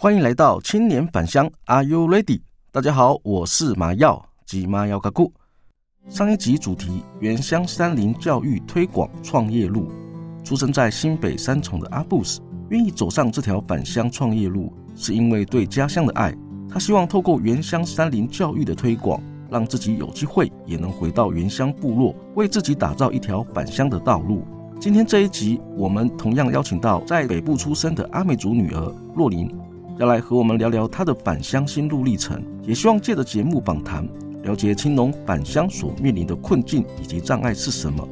歡迎來到青年返鄉，Are You Ready？大家好，我是麻耀雞媽耀卡庫。上一集主題原鄉山林教育推廣創業路。出生在新北三重的阿布斯，願意走上這條返鄉創業路，是因為對家鄉的愛。他希望透過原鄉山林教育的推廣，讓自己有機會也能回到原鄉部落，為自己打造一條返鄉的道路。今天這一集，我們同樣邀請到在北部出生的阿美族女兒若琳。要來和我們聊聊他的返鄉心路歷程，也希望借着節目訪談，了解青農返鄉所面臨的困境以及障礙是什麼。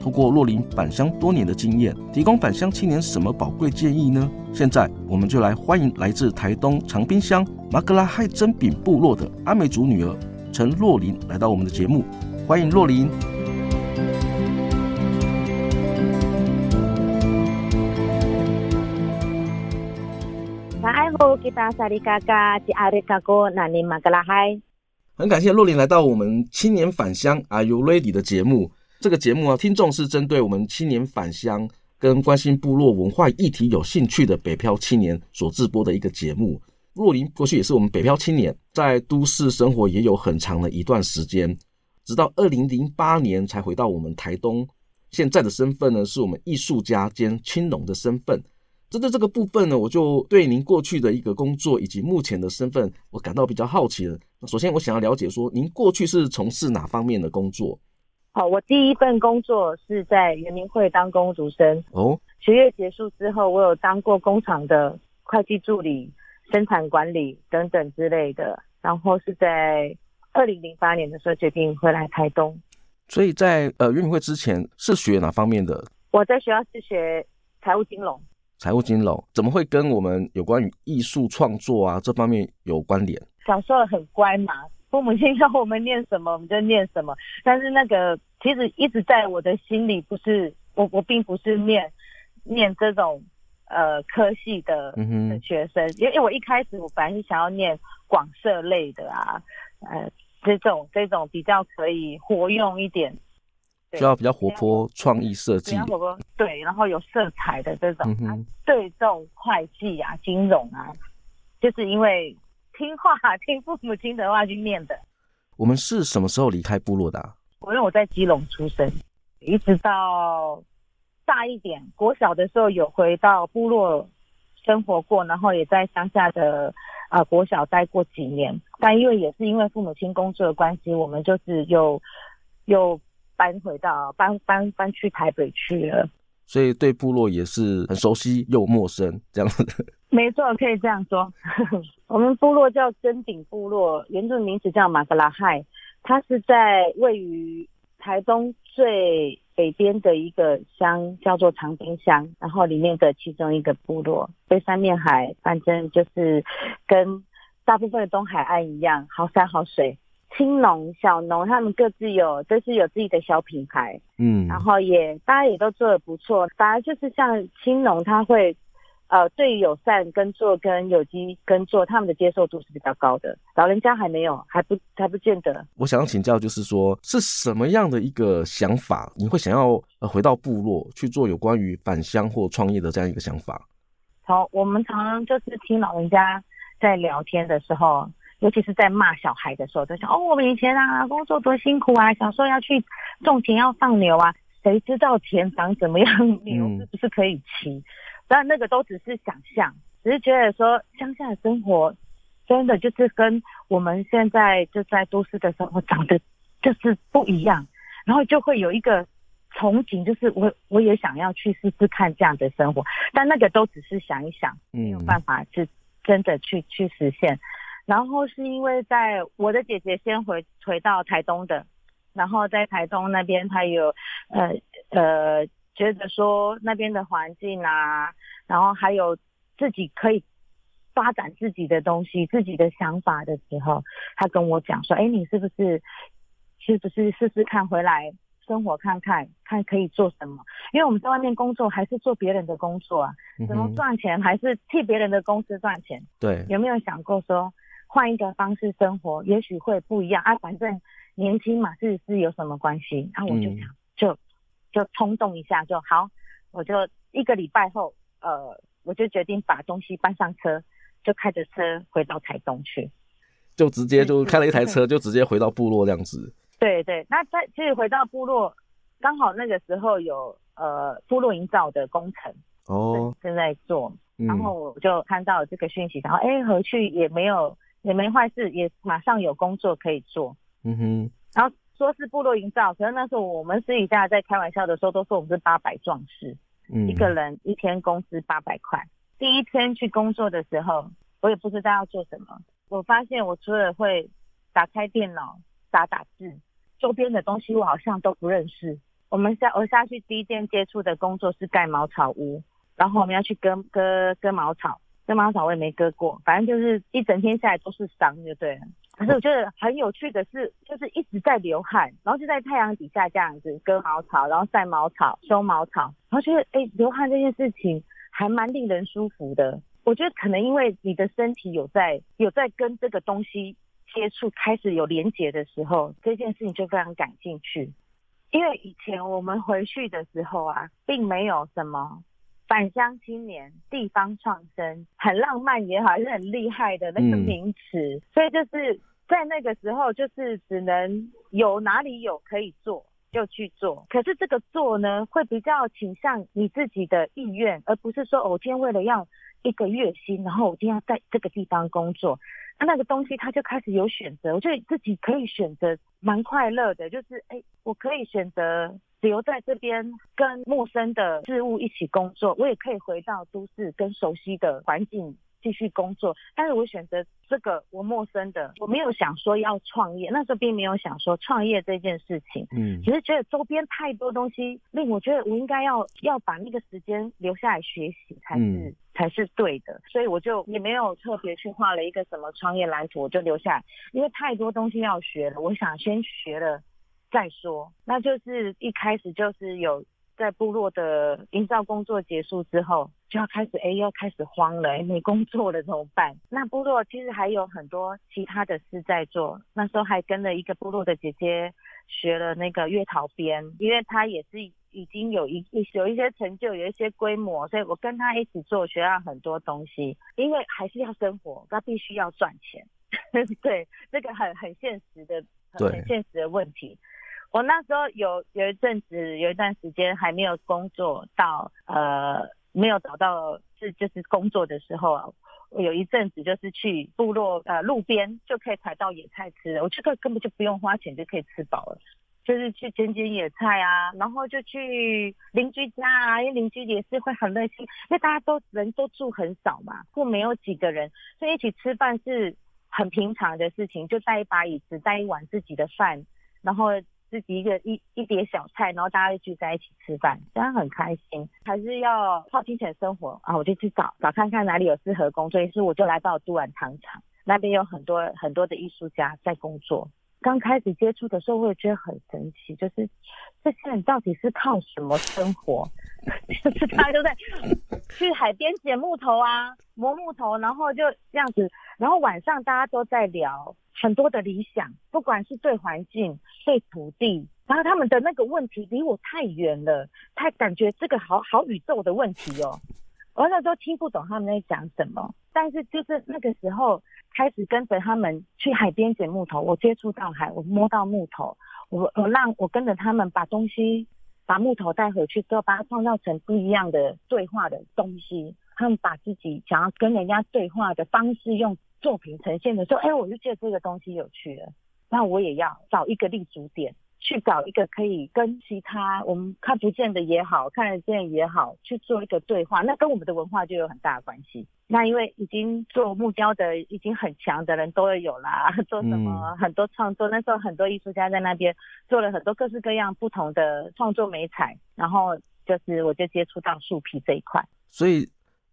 通過若琳返鄉多年的經驗，提供返鄉青年什麼寶貴建議呢？現在我們就來歡迎來自台東長濱鄉馬格拉亥真柄部落的阿美族女兒陳若琳來到我們的節目，歡迎若琳。很感謝若琳來到我們青年返鄉 Are You Ready 的節目。這個節目啊，聽眾是針對我們青年返鄉跟關心部落文化議題有興趣的北漂青年所製播的一個節目。若琳過去也是我們北漂青年，在都市生活也有很長的一段時間，直到二零零八年才回到我們台東。現在的身份呢，是我們藝術家兼青農的身份。針對這個部分呢，我就對您過去的一個工作以及目前的身份，我感到比較好奇了。那首先，我想要了解說，您過去是從事哪方面的工作？好，我第一份工作是在原民會當工讀生。哦，學業結束之後，我有當過工廠的會計助理、生產管理等等之類的。然後是在二零零八年的時候決定回來台東。所以在呃原民會之前是學哪方面的？我在學校是學財務金融。財務金融怎麼會跟我們有關於藝術創作啊，這方面有關聯？小時候很乖嘛，父母親要我們念什麼我們就念什麼。但是那個其實一直在我的心裡，不是我，我並不是念念這種呃科系的的學生，嗯、哼因為我一開始我本來是想要念廣設類的啊，呃這種這種比較可以活用一點。對就要比較活潑、創意設計，活潑對，然後有色彩的這種。嗯哼啊、對動會計啊，金融啊，就是因為聽話，聽父母親的話去念的。我們是什麼時候離開部落的、啊？我因為我在基隆出生，一直到大一點，國小的時候有回到部落生活過，然後也在鄉下的啊、呃、國小待過幾年，但因為也是因為父母親工作的關係，我們就是有。有搬回到搬搬搬去台北去了，所以對部落也是很熟悉又陌生這樣子。沒錯，可以這樣說。 我們部落叫真柄部落，原住民名字叫馬格拉海，hai, 它是在位於台東最北邊的一個鄉，叫做長濱鄉，然後裡面的其中一個部落。背三面海，反正就是跟大部分的東海岸一樣，好山好水。青農小農，他們各自有都是有自己的小品牌，嗯，然後也大家也都做得不錯。反而就是像青農他會呃對於友善耕作跟有機耕作，他們的接受度是比較高的。老人家還沒有，還不還不見得。我想要請教，就是說是什麼樣的一個想法，你會想要、呃、回到部落去做有關於返鄉或創業的這樣一個想法？哦，我們常常就是聽老人家在聊天的時候。尤其是在罵小孩的時候，都想哦，我們以前啊，工作多辛苦啊，小時候要去種田、要放牛啊，誰知道田長怎麼樣，牛是不是可以騎？嗯、但那個都只是想象，只是覺得說，鄉下的生活真的就是跟我們現在就在都市的生活長得就是不一樣，然後就會有一個憧憬，就是我我也想要去試試看這樣的生活，但那個都只是想一想，沒有辦法是真的去、嗯、去實現。然後是因為在我的姐姐先回回到台東的，然後在台東那邊，她有呃呃覺得說那邊的環境啊，然後還有自己可以發展自己的東西、自己的想法的時候，她跟我講說，哎，你是不是是不是試試看回來生活看看，看可以做什麼？因為我們在外面工作還是做別人的工作啊，怎麼賺錢還是替別人的公司賺錢，嗯、對，有沒有想過說？換一個方式生活，也許會不一樣啊！反正年輕嘛，是不是有什麼關係？啊，然後我就想，嗯，就就衝動一下就好。我就一個禮拜後，呃，我就決定把東西搬上車，就開着車回到台東去。就直接就開了一台車，對就直接回到部落這樣子。對，對對，那在其實回到部落，剛好那個時候有呃部落營造的工程哦正在做，然後我就看到這個訊息，然後哎回去也沒有。也沒壞事，也馬上有工作可以做。嗯哼，然後說是部落營造，可是那時候我們私底下在開玩笑的時候都說我們是八百壯士，嗯、一個人一天工資八百塊。第一天去工作的時候，我也不知道要做什麼。我發現我除了會打開電腦打打字，周邊的東西我好像都不認識。我們下我下去第一件接觸的工作是蓋茅草屋，然後我們要去割割割茅草。割茅草我也沒割過，反正就是一整天下來都是傷，就對了。可是我覺得很有趣的是，就是一直在流汗，然後就在太陽底下這樣子割茅草，然後曬茅草、收茅草，然後覺得哎，流汗這件事情還蠻令人舒服的。我覺得可能因為你的身體有在有在跟這個東西接觸，開始有連結的時候，這件事情就非常感興趣。因為以前我們回去的時候啊，並沒有什麼。返鄉青年、地方創生，很浪漫也好，是很厲害的那個名詞。嗯、所以就是在那個時候，就是只能有哪裡有可以做就去做。可是這個做呢，會比較傾向你自己的意願，而不是說我今天為了要。一個月薪，然後我一定要在這個地方工作。那那個東西，他就開始有選擇，我覺得自己可以選擇，蠻快樂的。就是，誒，我可以選擇留在這邊跟陌生的事物一起工作，我也可以回到都市跟熟悉的環境。繼續工作，但是我選擇這個我陌生的，我沒有想說要創業，那時候並沒有想說創業這件事情，嗯，只是覺得周邊太多東西令我覺得我應該要要把那個時間留下來學習才是、嗯、才是對的，所以我就也沒有特別去畫了一個什麼創業藍圖，我就留下來，因為太多東西要學了，我想先學了再說。那就是一開始就是有。在部落的營造工作結束之後，就要開始哎、欸，又開始慌了，沒、欸、工作了怎麼辦？那部落其實還有很多其他的事在做。那時候還跟了一個部落的姐姐學了那個月桃編，因為她也是已經有一有一些成就，有一些規模，所以我跟她一起做，學到很多東西。因為還是要生活，她必須要賺錢， 對，這、那個很很現實的，很，對很現實的問題。我那時候有有一陣子有一段時間還沒有工作到，呃，沒有找到是就是工作的時候啊，我有一陣子就是去部落，呃，路邊就可以採到野菜吃了，我這個根本就不用花錢就可以吃飽了，就是去撿撿野菜啊，然後就去鄰居家啊，因為鄰居也是會很熱心，因為大家都人都住很少嘛，住沒有幾個人，所以一起吃飯是很平常的事情，就帶一把椅子，帶一碗自己的飯，然後。自己一個一一碟小菜，然後大家就聚在一起吃飯，這樣很開心。還是要靠金錢生活啊，我就去找找看看哪裡有適合工作，於是我就來到都蘭糖廠，那邊有很多很多的藝術家在工作。剛開始接觸的時候，我也覺得很神奇，就是這些人到底是靠什麼生活？ 就是大家都在去海邊撿木頭啊，磨木頭，然後就這樣子，然後晚上大家都在聊。很多的理想，不管是對環境、對土地，然後他們的那個問題離我太遠了，太感覺這個好好宇宙的問題哦，我那時候聽不懂他們在講什麼，但是就是那個時候開始跟着他們去海邊撿木頭，我接觸到海，我摸到木頭，我我讓我跟着他們把東西、把木頭帶回去，之後把它創造成不一樣的對話的東西。他們把自己想要跟人家對話的方式用。作品呈現的時候，哎、欸，我就覺得這個東西有趣了。那我也要找一個立足點，去找一個可以跟其他我們看不見的也好，看得見也好，去做一個對話。那跟我們的文化就有很大的關係。那因為已經做木雕的，已經很強的人都有啦，做什麼很多創作。嗯、那時候很多藝術家在那邊做了很多各式各樣不同的創作媒材。然後就是我就接觸到樹皮這一塊。所以。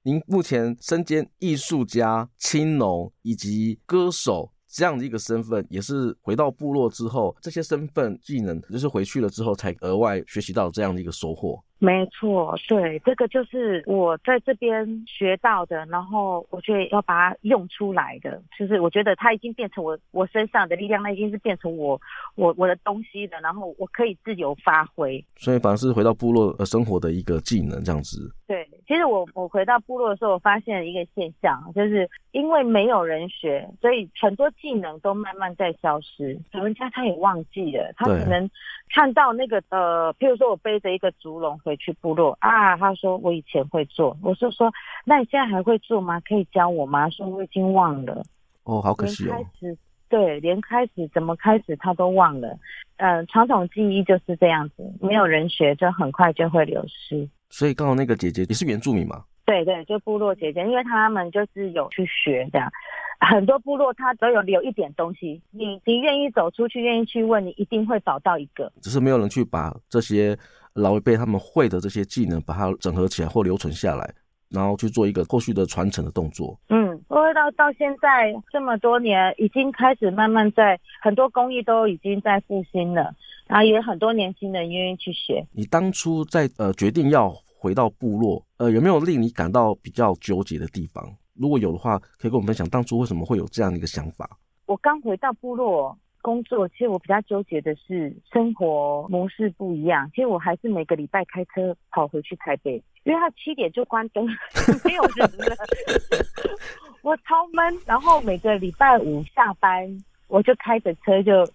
您目前身兼藝術家、青農以及歌手這樣的一個身份，也是回到部落之後，這些身份技能就是回去了之後才額外學習到這樣的一個收穫？沒錯，對，這個就是我在這邊學到的，然後我就要把它用出來的，就是我覺得它已經變成我我身上的力量，它已經是變成我我我的東西的，然後我可以自由發揮。所以反而是回到部落生活的一個技能這樣子。對，其實我我回到部落的時候，我發現了一個現象，就是因為沒有人學，所以很多技能都慢慢在消失。老人家他也忘記了，他可能看到那個對呃，譬如說我背着一個竹籠。回去部落啊，他說我以前會做，我就說，說，那你現在還會做嗎？可以教我嗎？說我已經忘了，哦，好可惜哦。連開始對，連開始怎麼開始他都忘了。嗯、呃，傳統技藝就是這樣子，沒有人學，就很快就會流失。所以剛好那個姐姐，你是原住民嗎？對對，就部落姐姐，因為他們就是有去學這樣，很多部落他都有留一點東西，你你願意走出去，願意去問，你一定會找到一個。只是沒有人去把這些。老一輩他們會的這些技能，把它整合起來或留存下來，然後去做一個過去的傳承的動作。嗯，因為到到現在這麼多年，已經開始慢慢在很多工藝都已經在復興了，然後也有很多年輕人願意去學。你當初在呃決定要回到部落，呃有沒有令你感到比較糾結的地方？如果有的話，可以跟我們分享當初為什麼會有這樣的一個想法。我剛回到部落。工作其實我比較糾結的是生活模式不一樣。其實我還是每個禮拜開車跑回去台北，因為他七點就關燈，沒有人了， 我超悶。然後每個禮拜五下班，我就開着車就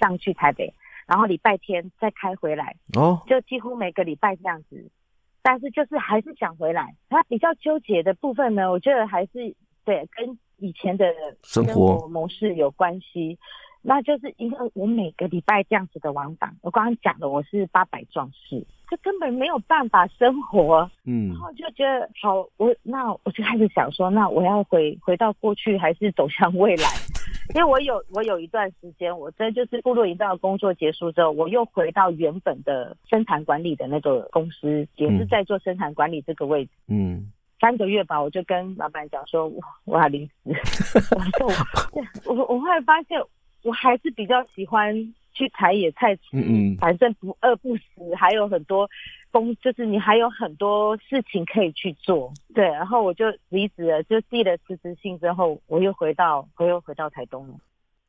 上去台北，然後禮拜天再開回來。哦，就幾乎每個禮拜這樣子，但是就是還是想回來。那比較糾結的部分呢，我覺得還是，對，跟以前的生活模式有關係。那就是一個我每個禮拜這樣子的往返。我剛剛講的我是八百壯士，就根本沒有辦法生活。嗯，然後就覺得好，我那我就開始想說，那我要回回到過去還是走向未來？ 因為我有我有一段時間，我真的就是部落一段工作結束之後，我又回到原本的生產管理的那個公司，也是在做生產管理這個位置。嗯，三個月吧，我就跟老闆講說，我我要離職。我說 我我我後來發現。我還是比較喜歡去採野菜吃，嗯，嗯，反正不餓不死，還有很多工，就是你還有很多事情可以去做。對，然後我就離職了，就遞了辭職信之後，我又回到，我又回到台東了。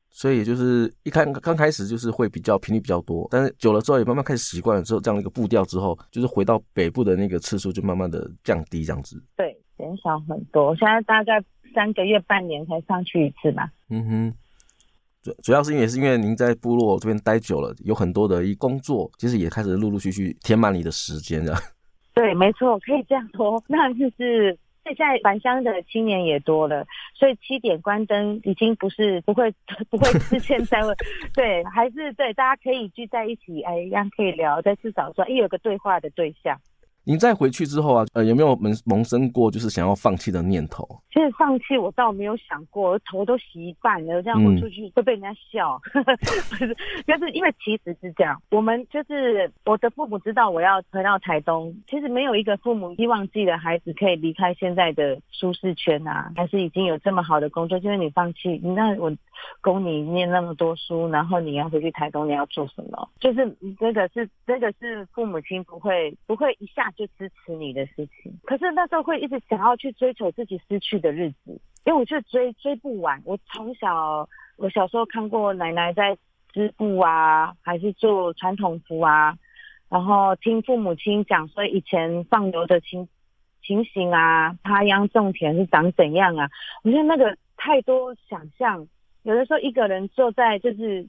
所以就是一開剛開始就是會比較頻率比較多，但是久了之後也慢慢開始習慣了之後，這樣一個步調之後，就是回到北部的那個次數就慢慢的降低，這樣子。對，減少很多，現在大概三個月半年才上去一次吧。嗯哼。主主要是因為，也是因為您在部落這邊待久了，有很多的一工作，其實也開始陸陸續續填滿你的時間啊。對，沒錯，可以這樣說。那就是現在返鄉的青年也多了，所以七點關燈已經不是不會不會出現在問， 對，還是對，大家可以聚在一起，哎，一樣可以聊，但至少說，哎，有個對話的對象。你再回去之後啊，呃，有沒有萌萌生過就是想要放棄的念頭？其實放棄我倒沒有想過，頭都洗一半了，這樣我出去會被人家笑。就、嗯、 是因為其實是這樣，我們就是我的父母知道我要回到台東，其實沒有一個父母希望自己的孩子可以離開現在的舒適圈啊，還是已經有這麼好的工作，就是你放棄，那我。供你念那麼多書，然後你要回去台東，你要做什麼？就是這、那個是這、那個是父母親不會不會一下就支持你的事情。可是那時候會一直想要去追求自己失去的日子，因為我就追追不完。我從小我小時候看過奶奶在織布啊，還是做傳統服啊，然後聽父母親講說以前放牛的情情形啊，插秧種田是長怎樣啊？我覺得那個太多想象有的時候一個人坐在就是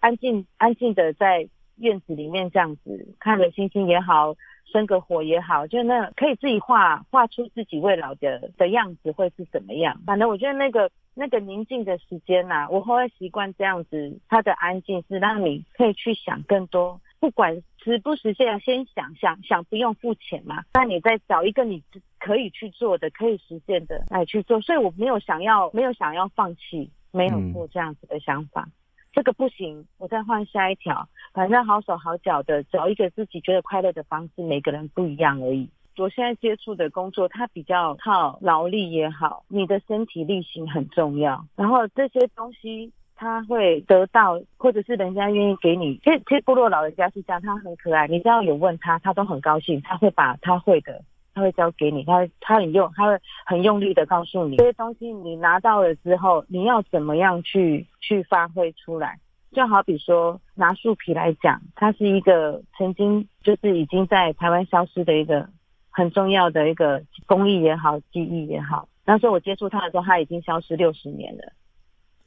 安靜安靜的在院子裡面這樣子，看着星星也好，生個火也好，就那可以自己畫畫出自己未老的的樣子會是怎麼樣？反正我覺得那個那個寧靜的時間吶、啊，我後來習慣這樣子，它的安靜是讓你可以去想更多，不管實不實現，先想想想，想不用付錢嘛，但你再找一個你可以去做的、可以實現的來去做。所以我沒有想要，沒有想要放棄。沒有過這樣子的想法，嗯、這個不行，我再換下一條。反正好手好腳的，找一個自己覺得快樂的方式，每個人不一樣而已。我現在接觸的工作，它比較靠勞力也好，你的身體力行很重要。然後這些東西，他會得到，或者是人家願意給你。其實其實部落老人家是這樣，他很可愛，你只要有問他，他都很高興，他會把他會的。他會教給你，他會他很用，他會很用力的告訴你這些東西。你拿到了之後，你要怎麼樣去去發揮出來？就好比說拿樹皮來講，它是一個曾經就是已經在台灣消失的一個很重要的一個工藝也好，技藝也好。那時候我接觸它的時候，它已經消失六十年了。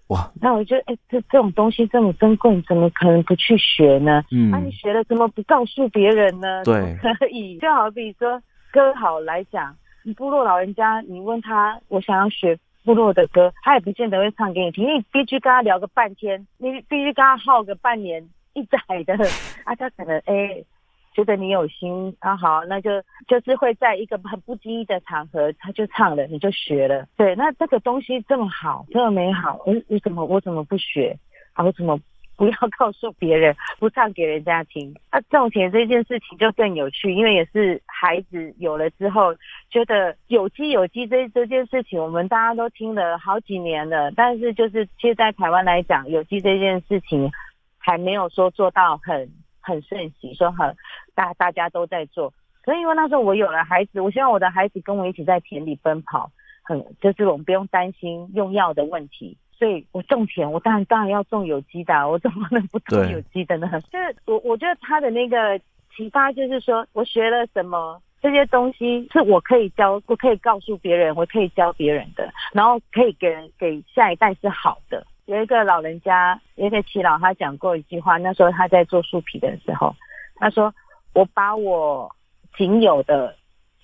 哇！那我覺得，哎、欸，這這種東西這麼珍貴，怎麼可能不去學呢？嗯。那、啊、你學了，怎麼不告訴別人呢？對，可以。就好比說。歌好來講，你部落老人家，你問他，我想要學部落的歌，他也不見得會唱給你聽。你必須跟他聊個半天，你必須跟他耗個半年一載的啊，他可能哎、欸，覺得你有心啊，好，那就就是會在一個很不經意的場合，他就唱了，你就學了。對，那這個東西這麼好，這麼美好，我我怎麼我怎麼不學啊？我怎麼？不要告訴別人，不唱給人家聽。那種田這件事情就更有趣，因為也是孩子有了之後，覺得有機有機這這件事情，我們大家都聽了好幾年了。但是就是其實在台灣來講，有機這件事情還沒有說做到很很盛行，說很大大家都在做。可是因為那時候我有了孩子，我希望我的孩子跟我一起在田裡奔跑，很、嗯、就是我們不用擔心用藥的問題。對，我種田，我當然當然要種有機的啊，我怎麼能不種有機的呢？對就是我我覺得他的那個啟發，就是說我學了什麼這些東西，是我可以教，我可以告訴別人，我可以教別人的，然後可以給給下一代是好的。有一個老人家，有一個耆老，他講過一句話，那時候他在做樹皮的時候，他說：“我把我僅有的。”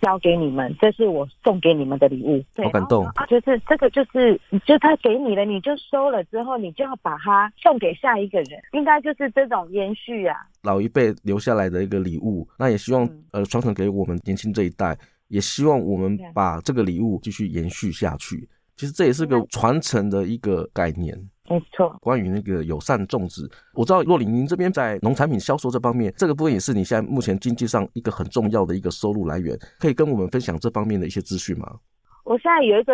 交給你們，這是我送給你們的禮物。好感動，就是這個，就是就他給你了，你就收了之後，你就要把它送給下一個人，應該就是這種延續啊。老一輩留下來的一個禮物，那也希望、嗯、呃傳承給我們年輕這一代，也希望我們把這個禮物繼續延續下去。對其實這也是個傳承的一個概念。沒錯，關於那個友善種植，我知道若琳，您這邊在農產品銷售這方面，這個部分也是你現在目前經濟上一個很重要的一個收入來源，可以跟我們分享這方面的一些資訊嗎？我現在有一個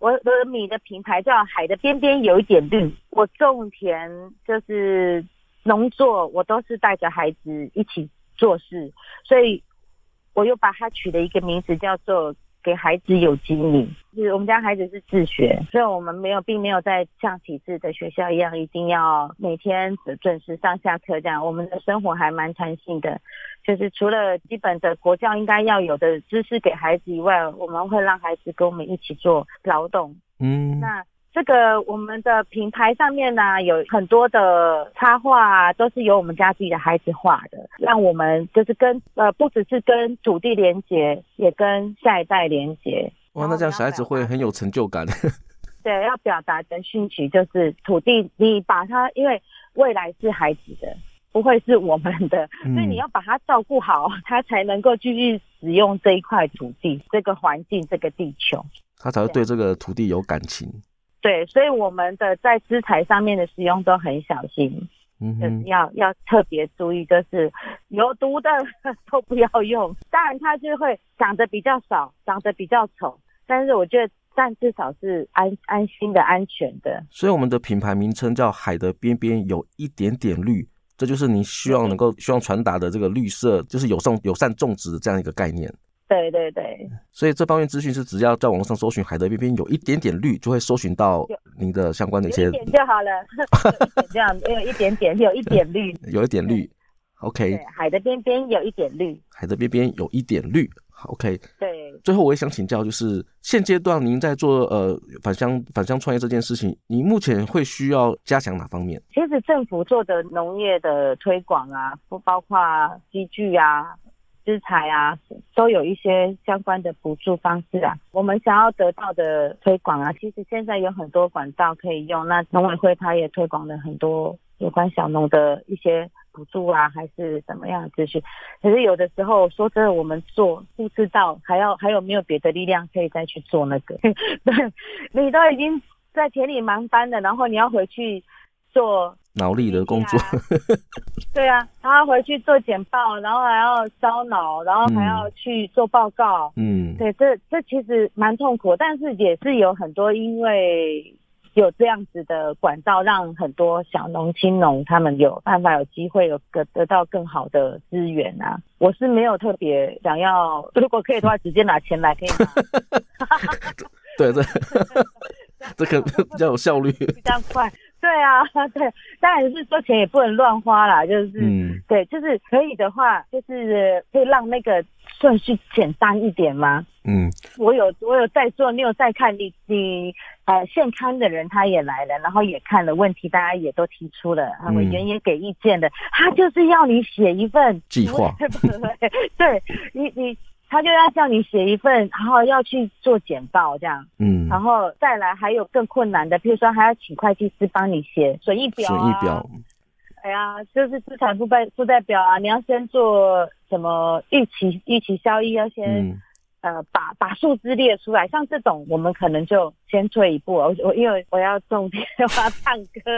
我的米的品牌，叫海的邊邊有一點綠，我種田就是農作，我都是帶着孩子一起做事，所以我又把它取了一個名字叫做。給孩子有精力，就是我們家孩子是自學，所以我們沒有，並沒有在像體制的學校一樣，一定要每天準時上下課這樣。我們的生活還蠻彈性的，就是除了基本的國教應該要有的知識給孩子以外，我們會讓孩子跟我們一起做勞動，嗯，那。這個我們的品牌上面呢，有很多的插畫、啊、都是由我們家自己的孩子畫的，讓我們就是跟呃，不只是跟土地連接，也跟下一代連接。哇，那這樣小孩子會很有成就感！對，要表達的訊息就是土地，你把它，因為未來是孩子的，不會是我們的，嗯、所以你要把它照顧好，他才能夠繼續使用這一塊土地、這個環境、這個地球，他才會對這個土地有感情。對，所以我們的在資材上面的使用都很小心，嗯，要要特別注意，就是有毒的都不要用。當然，它就會長得比較少，長得比較醜，但是我覺得，但至少是安安心的安全的。所以，我們的品牌名稱叫“海的邊邊有一點點綠”，這就是你希望能夠希望傳達的這個綠色，就是友善友善種植的這樣一個概念。對對對，所以這方面資訊是只要在網上搜尋海的邊邊有一點點綠，就會搜尋到您的相關的一些，一點就好了，這樣因有一點點有一點綠，有一點綠，OK，海的邊邊有一點綠，對 okay 海的邊邊有一點綠，邊邊一點綠，OK，對。最後我也想請教，就是現階段您在做呃返鄉返鄉創業這件事情，您目前會需要加強哪方面？其實政府做的農業的推廣啊，不包括機具啊。資材啊，都有一些相關的補助方式啊。我們想要得到的推廣啊，其實現在有很多管道可以用。那農委會他也推廣了很多有關小農的一些補助啊，還是什麼樣的資訊。可是有的時候說真的，我們做不知道還要還有沒有別的力量可以再去做那個。 對，你都已經在田裡忙翻了，然後你要回去做。腦力的工作對啊，對啊，他要回去做簡報，然後還要燒腦，然後還要去做報告。嗯，對，這這其實蠻痛苦，但是也是有很多，因為有這樣子的管道，讓很多小農、青農他們有辦法、有機會有個得到更好的資源啊。我是沒有特別想要，如果可以的話，直接拿錢來可以嗎？對，這 這可比較有效率， 比較快。對啊，對，當然是說錢也不能亂花啦。就是，嗯、對，就是可以的話，就是可以讓那個順序簡單一點嗎？嗯，我有我有在做，你有在看，你你呃現刊的人他也來了，然後也看了問題，大家也都提出了，委、嗯、原也給意見的，他就是要你寫一份計劃，畫 對，你你。他就要叫你寫一份，然後要去做簡報這樣，嗯，然後再來還有更困難的，譬如說還要請會計師幫你寫損益表啊，損益表，哎呀，就是資產負債負債表啊，你要先做什麼預期預期效益要先。嗯。呃，把把數字列出來，像這種我們可能就先退一步。我因為我，我要種田，我要唱歌，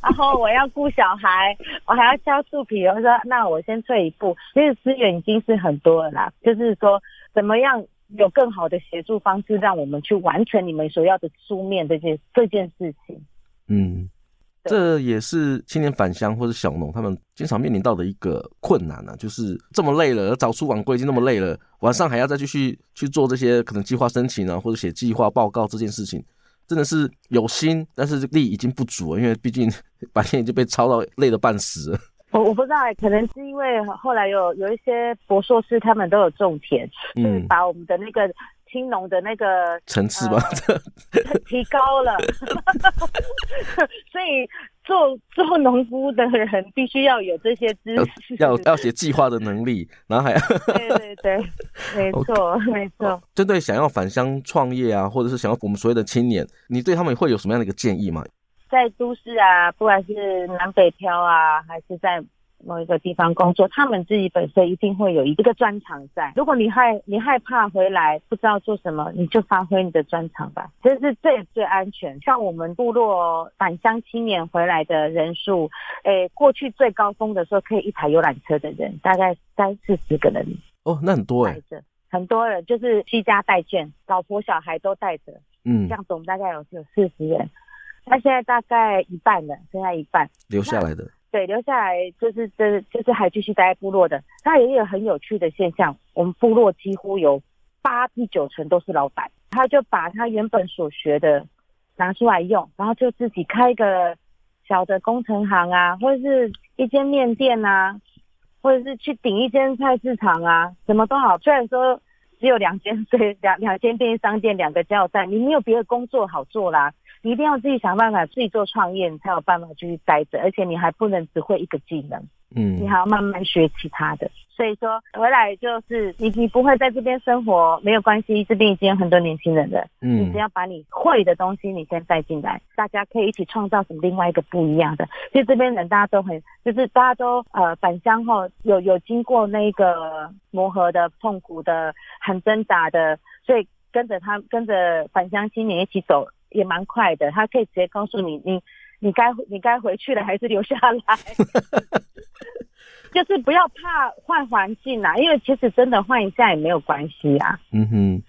然後我要顧小孩，我還要敲樹皮。我說，那我先退一步，因為資源已經是很多了啦。就是說，怎麼樣有更好的協助方式，讓我們去完成你們所要的書面這件這件事情。嗯。這也是青年返鄉或者小農他們經常面臨到的一個困難呢，啊，就是這麼累了，早出晚歸已經那麼累了，晚上還要再繼續去做這些可能計劃申請啊，或者寫計劃報告這件事情，真的是有心，但是力已經不足了，因為畢竟白天已經被操到累得半死了。我我不知道哎，可能是因為後來有有一些博碩士他們都有種田，嗯，就是，把我們的那個。青農的那個層次吧，呃、 提高了， 所以做做農夫的人必須要有這些知識，要要寫計劃的能力，然後還要 對對對，沒錯 Okay. 沒錯錯。針對想要返鄉創業啊，或者是想要我們所謂的青年，你對他們會有什麼樣的一個建議嗎？在都市啊，不管是南北漂啊，嗯、還是在。某一個地方工作，他們自己本身一定會有一個專長在。如果你害，你害怕回來不知道做什麼，你就發揮你的專長吧，這是最最安全。像我們部落返鄉青年回來的人數，哎、欸，過去最高峰的時候可以一台遊覽車的人，大概三四十個人哦，那很多哎、欸，很多人就是居家帶眷，老婆小孩都帶着，嗯，這樣子我們大概有有四十人，那現在大概一半了，現在一半留下來的。對，留下來就是對、就是、就是還繼續待在部落的，他也有很有趣的現象。我們部落幾乎有八至九成都是老板，他就把他原本所學的拿出來用，然後就自己開一個小的工程行啊，或者是一間麵店啊，或者是去頂一間菜市場啊，什麼都好。雖然說只有兩間對，兩兩間便利商店，兩個加油站，你沒有別的工作好做啦。一定要自己想辦法，自己做創業，你才有辦法繼續待着。而且你還不能只會一個技能，嗯，你還要慢慢學其他的。所以說回來就是你，你不會在這邊生活沒有關係，這邊已經有很多年輕人了。嗯，你只要把你會的東西你先帶進來，大家可以一起創造什麼另外一個不一樣的。就這邊人大家都很，就是大家都呃返鄉後有有經過那個磨合的、痛苦的、很掙扎的，所以跟着他跟着返鄉青年一起走。也蠻快的，他可以直接告訴你，你，你該你該回去了，還是留下來， 就是不要怕換環境啊，因為其實真的換一下也沒有關係呀、啊。嗯哼。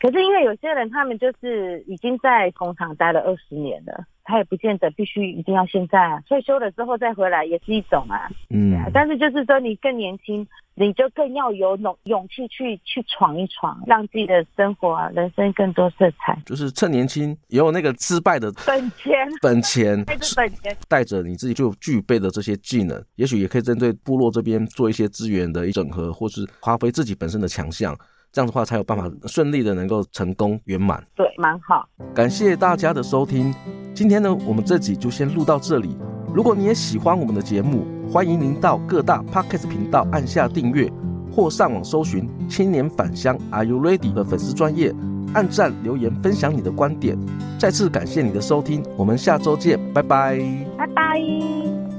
可是因為有些人，他們就是已經在工廠待了二十年了，他也不見得必須一定要現在啊。退休了之後再回來，也是一種啊，嗯啊。但是就是說，你更年輕，你就更要有勇勇氣去去闖一闖，讓自己的生活啊、人生更多色彩。就是趁年輕，有那個失敗的，本錢，本錢， 本錢，帶着你自己就具備的這些技能，也許也可以針對部落這邊做一些資源的一整合，或是發揮自己本身的強項。這樣的話才有辦法順利的能夠成功圓滿，對，蠻好。感謝大家的收聽，今天呢，我們這集就先錄到這裡。如果你也喜歡我們的節目，歡迎您到各大 Podcast 頻道按下訂閱，或上網搜尋“青年返鄉 Are You Ready” 的粉絲專頁，按讚留言分享你的觀點。再次感謝你的收聽，我們下週見，拜拜，拜拜。